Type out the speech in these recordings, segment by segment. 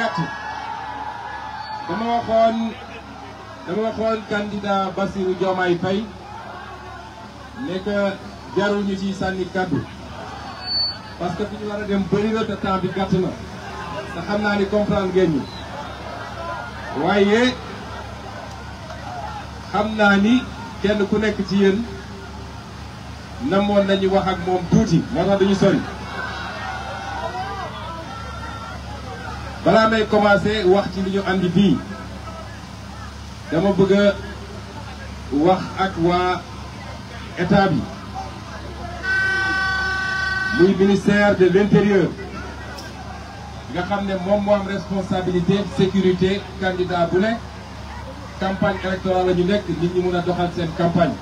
bett dama waxoon dama waxoon candidat Bassirou Diomaye Faye ne que jarul ñu ciy sànni kaddu parce que fi ñu war a dem bëri na te temps gàtt na te xam naa ni comprendre ngeen waaye xam naa ni kenn ku nekk ci yéen namoon nañu wax ak moom tuuti moo tax dañu sori. balaa may commencé wax ci li ñu andi bii dama bëgg a wax ak waa état bi muy ministère de l'intérieur nga xam ne moom moo responsabilité sécurité candidat bu nekk campagne électorale la ñu nekk nit ñu mun a doxal seen campagne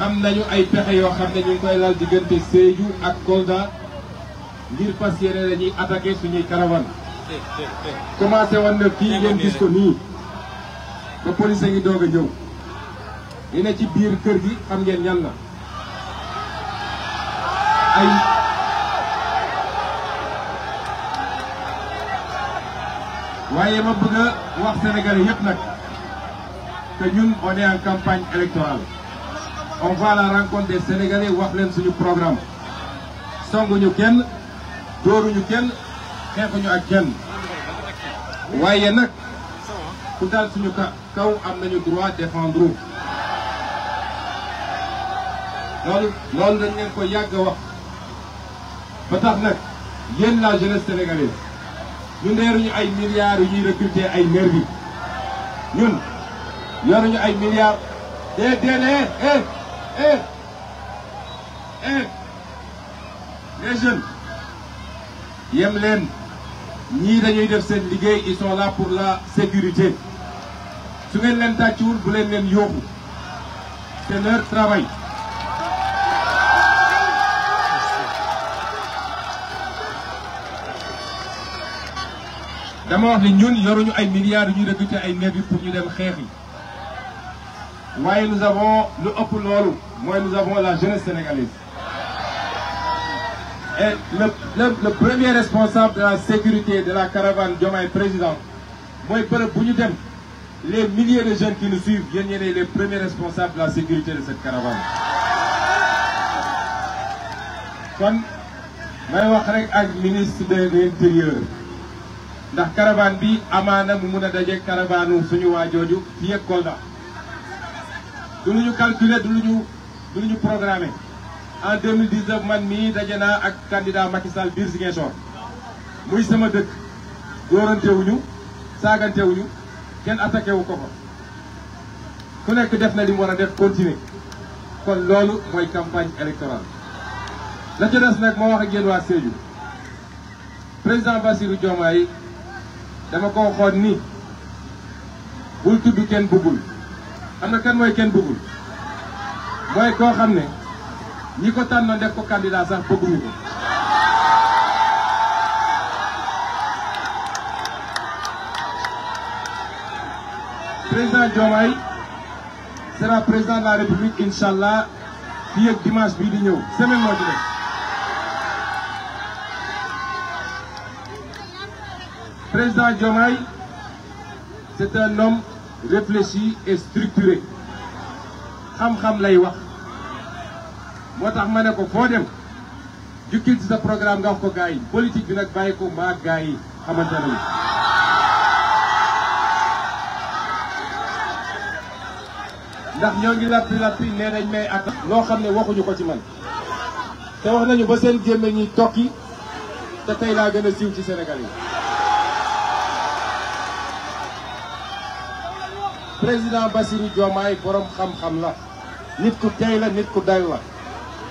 am nañu ay pexe yoo xam ne ñu ngi koy lal diggante Sédhiou ak Kolda ngir fas yéene dañuy attaquer suñuy caravane commencé won na fi ngeen gis ko ni ba police ngi doga ñew ñëw ci biir kër gi xam ngeen ñan la ay waye ma bëgg wax sénégalais yépp nak té ñun on est en campagne électorale on va la rencontre des sénégalais wax leen suñu programme ñu kenn dóoruñu kenn xeexuñu ak kenn waaye nag ku dal suñu kaw am nañu droit défendre u loolu loolu dañ leen ko yàgg a wax ba tax nag yéen la jeunesse sénégalaise ñu neeruñu ay milliards yu ñuy ay nervi ñun yoruñu ay milliards dee dee eh, eh eh eh les jeunes yem ni ñii dañuy def sen liguey ils sont là pour la sécurité su ngeen leen tàccuwul bu len len yóbbu c'est leur travail dama wax ni ñun yoruñu ay milliards yu ñu recruté ay nervi pour ñu dem xeex yi waye nous avons le ëpp lolu moy nous avons la jeunesse sénégalaise le, le, le premier responsable de la sécurité de la caravane Diomaye président mooy pour les milliers de jeunes qui nous suivent viennent les premiers responsables de la sécurité de cette caravane kon may wax rek ministre de l'intérieur la caravane bi amana mu mun a daje caravane suñu waajooju fi yëg Kolda du lu calculer du nous programmer en 2019 man mii daje naa ak candidat Macky Sall biir Ziguinchor muy sama dëkk dóorantewuñu saagantewuñu kenn attaqué wu ko ko ku nekk def na li war a def continuer kon loolu mooy campagne électorale la ca des nag moo wax a yéen waa Sédhiou président Bassirou Diomaye dama ko waxoon ni bul tudd kenn bëggul am na kan mooy kenn bëggul mooy koo xam ne ñi ko tànnoon def ko candidat sax président Diomaye sera président de la république inshallah, qui dimanche bii di ñëw semaine moo def. président Diomaye c'est un homme réfléchi et structuré xam-xam lay moo tax ma ne ko foo dem jukkil ci sa programme nga wax ko gaa yi politique bi nag bàyyi ko maa gaa yi xamante nañu ndax ñoo ngi lappi lappi nee nañ may atta loo xam ne waxuñu ko ci man te wax nañu ba seen gémmiñ ñi tokki te tey laa gën a siiw ci senegal yi président Bassirou Diomaye borom xam-xam la nit ku tey la nit ku dal la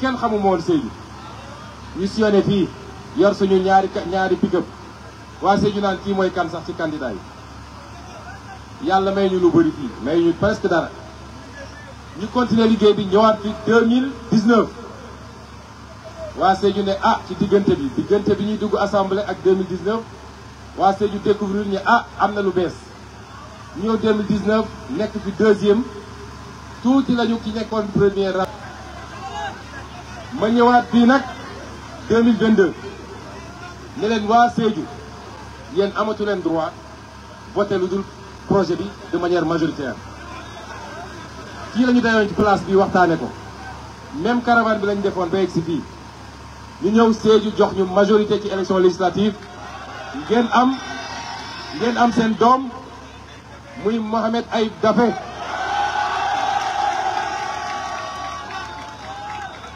kenn xamu ma woon Sédhiou fii yor suñu ñaari ñaari pick-up waa Sédhiou naan kii mooy kan sax ci candidat yi yàlla may ñu lu bëri fii may ñu presque dara ñu continuer liggéey bi ñëwaat fi 2019 waa seju ne ah ci diggante bi diggante bi ñuy dugg assemblée ak 2019 waa Sédhiou découvrir ñu ah am na lu bees ñëw 2019 nekk fi deuxième tuuti la ñu ki nekkoon première rang ma ñëwaat bii nag 2022 ne waa Sédhiou yéen amatu leen droit voté lu dul projet bi de manière majoritaire. fii lañu ñu dayoon ci place bi waxtaane ko même caravane bi lañ defoon ba egg si fii ñu ñëw Sédhiou jox ñu majorité ci élection législative ngeen am ngeen am seen doom muy Mohamed Ayib Daffé.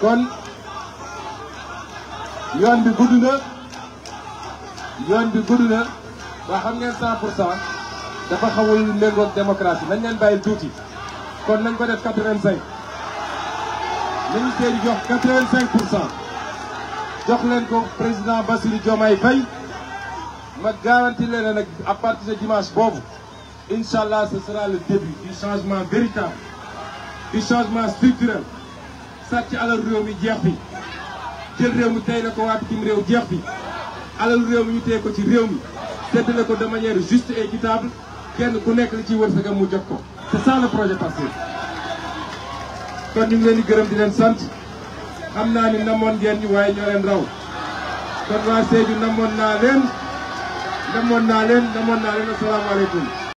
kon yoon bi gudd na yoon bi gudd na waa xam ngeen 100 pour cent dafa xawul méngoog démocratie nañ leen bàyyi tuuti kon nañ ko def 85 nañu seen jox 85 pour cent jox leen ko président Bassirou Diomaye Faye ma garanti leen nag à partir dimanche boobu incha allah ce sera le début changement véritable du changement structurel sàcc alal réew mi jeex fi jël réew mi tey na ko waa bitim réew jeex fi alal réew mi ñu tey ko ci réew mi séddale ko de manière juste et équitable kenn ku nekk ci li ciy wërsëgam mu jot ko c'est ça projet Pastef kon ñu ngi leen di gërëm di leen sant am naa ni namoon ngeen ñu waaye ñoo leen raw kon waa Sédhiou namoon naa leen namoon naa leen namoon naa leen asalaamaaleykum